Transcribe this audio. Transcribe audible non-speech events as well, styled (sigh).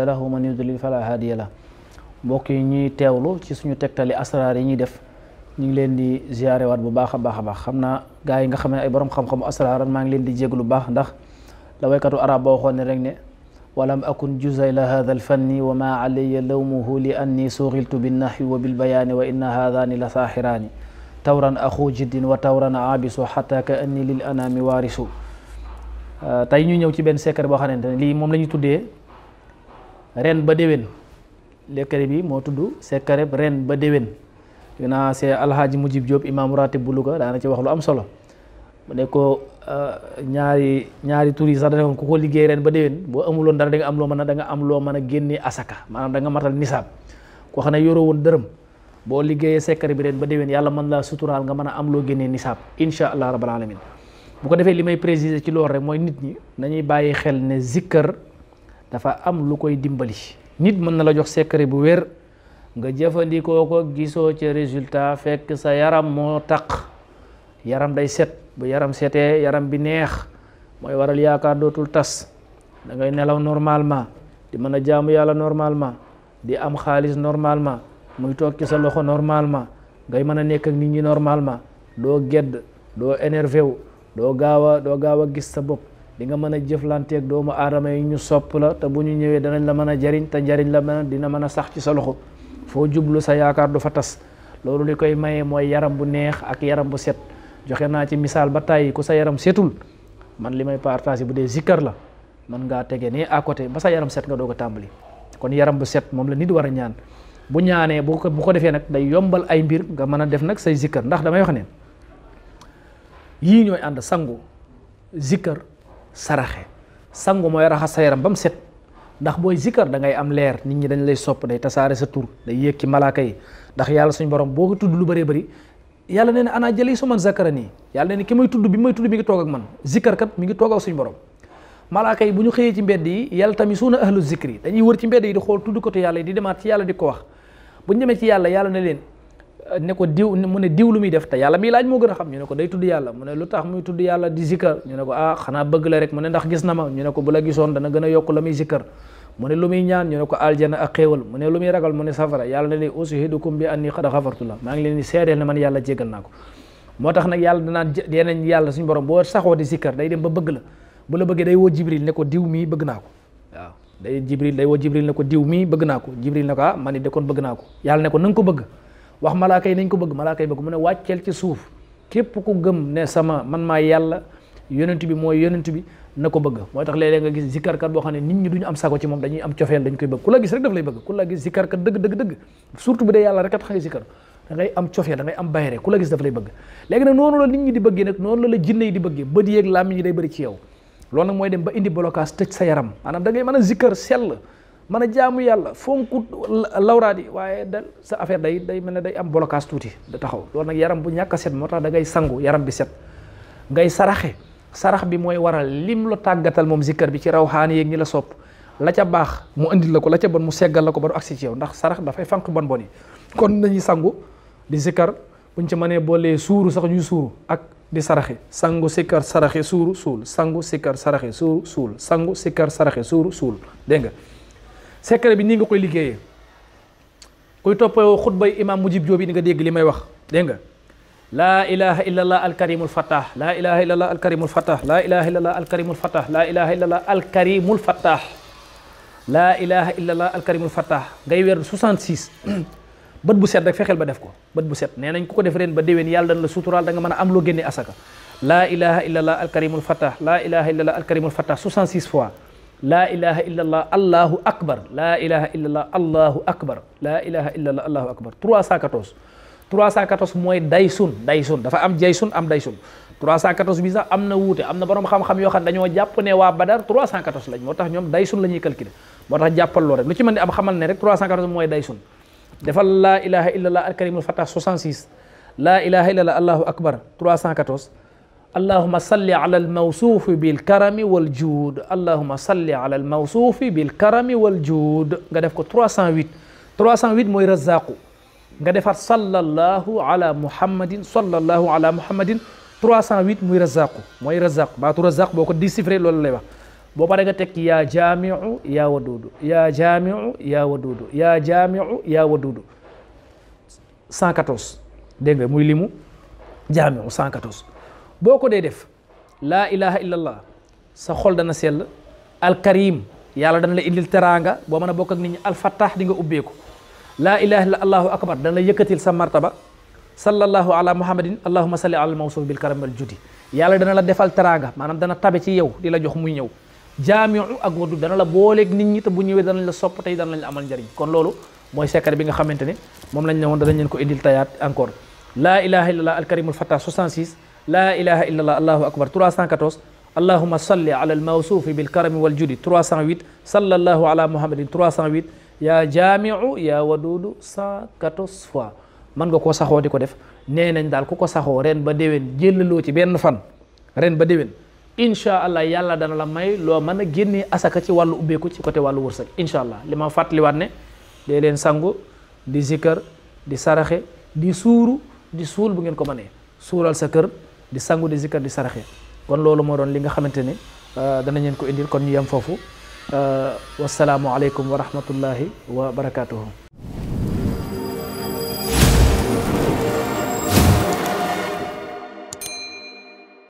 lahu man yudlil fala hadiya la mbokk yi ñuy teewlu ci suñu tegtali asraar yi ñuy def ñu ngi leen di ziyaare waat bu baax a baax a baax xam naa gaa yi nga xam ne ay borom xam-xamu asraaran maa ngi leen di jéglu baax ndax la waykatu arab boo waxoon ne rek ne walam akun juzayla hada alfanni wa ma alayya lawmuhu li anni suxiltu binnahwi wa bilbayaani wa inna haadaani la saaxiraani tawran axu jiddin wa tawran aabisu xata ka anni lil anaami waarisu euh, ñëw ci benn secret boo xamante ne lii moom la tuddee ren ba déwén lekkare bi moo tudd sekkareb ren ba déwén yu naa c'est alhaaji mujib Diop imam ratib bu Louga daana ci wax lu am solo mu ne ko euh, ñaari ñaari tur yi sax dafa ku ko liggéey ren ba déwén boo amuloon dara da am loo mën a da nga am loo mën a génnee asaka maanaam da nga matal nisaab ko xam ne yoroo woon dërëm boo liggéeyee sekkare bi ren ba déwén yàlla mën laa suturaal nga mën a am loo génnee nisaab incha allah rabbal alamin bu ko defee li may préciser ci lool rek mooy nit ñi nañuy bàyyi xel ne zikkër dafa am lu koy dimbali nit mën na la jox secret bu wér nga jëfandikoo ko gisoo ci résultat fekk sa yaram moo taq yaram day set bu yaram setee yaram bi neex mooy waral yaakaar dootul tas da ngay nelaw normalement di mën a jaamu yàlla normalement di am xaalis normalement muy toog ci sa loxo normalement ngay mën a nekk ak nit ñi normalement doo gedd doo énervé wu doo gaaw a doo gaaw a gis sa bopp di nga mën a jëflanteeg doomu aadama yi ñu sopp la te bu ñu ñëwee danañ la mën a jariñ te njariñ la mën dina mën a sax ci sa loxo foo jublu sa yaakaar du fa tas loolu li koy maye mooy yaram bu neex ak yaram bu set joxe naa ci misaal ba tàyyi ku sa yaram setul man li may partage bu dee zikkar la mën ngaa tege ne à côté ba sa yaram set nga doo ko tàmbali kon yaram bu set moom la nit war a ñaan bu ñaanee bu ko bu ko defee nag day yombal ay nga mën a def nag say zikkar ndax damay saraxe sangu mooy raxas sa yaram ba mu set ndax booy zikkar da ngay am leer nit ñi dañ lay sopp day tasaare sa tur day yéeg ci malaaka yi ndax yàlla suñ borom boo ko tudd lu bëree bëri yàlla nee na ana jëli su man zakara nii yàlla nee na ki may tudd bi may tudd mi ngi toog ak man zikkar kat mi ngi toog ak suñ borom malaaka yi bu ñu xëyee ci mbedd yi yàlla tamit suuna ahlu zikri dañuy wër ci mbedd yi di xool tudd ko te yàlla yi di demaat ci yàlla di wax bu ñu yàlla yàlla leen ne ko diw mu ne diw lu muy def te yàlla miy laaj moo gën a xam ñu ne ko day tudd yàlla mu ne lu tax muy tudd yàlla di zikkar ñu ne ko ah xanaa bëgg la mu ne ndax gis na ma ñu ne ko bu a ne lu muy ñaan ñu ne ko aljana ak xéewal mu ne ragal mu ne safara yàlla ne leen ushidukum bi anni la maa ngi leen di seedeel ne man yàlla jéggal naa ko moo tax nag yàlla danaan yeneen yàlla suñu di dem ba bëgg la bu la bëggee day woo jibril ne ko diw mii bëgg naa ko waaw day jibril day woo jibril ko diw mii bëgg naa ko jibril ne ko ah man it de kon bëgg naa ko yàlla ne ko na nga ko bëgg wax malaaka yi nañ ko bëgg malaaka yi bëgg mu ne wàcceel ci suuf képp ku gëm ne sama man maa yàlla yonent bi mooy yonent bi na ko bëgg mooy tax léeg-léeg nga gis zikkarkat boo xam ne nit ñi duñu am sago ci moom dañuy am cofeel dañ koy bëgg ku la gis rek daf lay bëgg ku la gis zikkarkat dëgg dëgg am cofeel da ku la gis daf lay bëgg léegi nag noonu la nit ñi di bëggee nag noonu la la jinne yi di bëggee bët yeeg làmmiñ yi day bëri ci yow loolu nag mooy dem ba indi blocage tëj sa yaram maanaam da ngay mën a zikkar sell mën a jaamu yàlla fonku lawraat yi waaye da sa affaire day day mel ne day am blocage tuuti da taxaw loolu nag yaram bu ñàkk a set moo tax da ngay sangu yaram bi set ngay saraxe sarax bi mooy waral lim la tàggatal moom zikkar bi ci raw rawxaan yeeg ñi la sopp la ca baax mu indi la ko la ca bon mu seggal la ko ba du agsi ci yow ndax sarax dafay fànq bon bon yi kon nañuy sangu di zikkar buñ ci mënee boolee suuru sax ñuy suuru ak di saraxe sangu sikkar saraxe suuru suul sangu sikkar saraxe suuru suul sangu sikkar saraxe suuru suul dégg nga secret bi nii nga koy liggéeyee kuy toppoo xutbay imam mujib joobi di nga dégg li may wax dégg nga laa ilaha illa allah alkarimul fattah laa allah alkarimul fattah laa illa allah alkarimul fattah laa ilaha illa allah alkarimul fattah laa ilaha illa allah alkarimul fattah ngay weer 66 (clears throat) bët bu set rek fexeel ba def ko bët bu set nee nañ ku ko def ren ba déwéen yàlla dana la suturaal da nga mën a am loo génne asaka laa ilaha illa allah alkarimul fattah laa ilaha illa allah alkarimul fattah fois laa ilaha illa allah allahu akbar la ilaha illa allah allahu akbar laa ilaha illa allah allahu akbar 314 314 mooy daysun daysun dafa am jaysun am daysun 314 bi am na wuute am na borom xam-xam yoo xam ne dañoo jàpp ne waa Badar 314 lañ moo tax ñoom daysun la ñuy calculer moo tax jàppal loo rek lu ci mën di am xamal ne rek 314 mooy daysun defal laa la illa allah alkarimul fatah 66 laa ilaha illa allah allahu akbar allahuma salli ala almawsuufi bilkarami waljuud allahuma salli ala almawsuufi bilkarami waljuud nga def ko 308 308 mooy razaqu nga defar sallallahu ala muhammadin sallallahu ala muhammadin 308 muy razaqu mooy razaqu baatu razaqu boo ko déchiffré loolu lay wax boo paree nga teg yaa jaamiu yaa waduudu yaa jaamiu yaa waduudu yaa jaamiu yaa waduudu 114 dégg nga muy limu jaamiu 114 boo ko dee def laa ilaha illallah sa xol dana sell alkarim yàlla dana la indil teraanga boo mën a bokk ak nit ñi alfattah di nga ubbeeku laa ilaha illa allahu akbar dana la yëkkatil sa martaba sallallahu ala muhammadin allahuma salli ala mawsuuf bil karam wal judi yàlla dana la defal teraanga maanaam dana tabe ci yow di la jox muy ñëw jaamiu ak waddu dana la booleeg nit ñi te bu ñëwee danañ la sopp tey danañ la amal njariñ kon loolu mooy secret bi nga xamante ne moom lañ ne woon danañ leen ko indil tayaat encore laa ilaha illallah alkarimul fattah 66 la ilaha illallah allahu akbar 314 allahumma salli ala almawsuufi bilkarami waljudi 308 sallallahu ala muhammadin 308 yaa jaamiu yaa wadudu 114 fois mën nga koo saxoo di ko def nee nañ daal ku ko saxoo ren ba déwén jëllaloo ci benn fan ren ba déwén incha allah yàlla dana la may loo mën a génnee asaka ci wàllu ubbeeku ci côté wàllu wërsëg incha allah li ma fàttaliwaat ne dee leen sangu di zikkër di saraxe di suuru di suul bu ngeen ko mënee suural sa kër di sangu di zikkar di saraxe kon loolu moo doon li nga xamante ne euh, danañ leen ko indil kon ñu yem foofu euh, wasalaamualeykum wa rahmatullahi wa barakaatuhu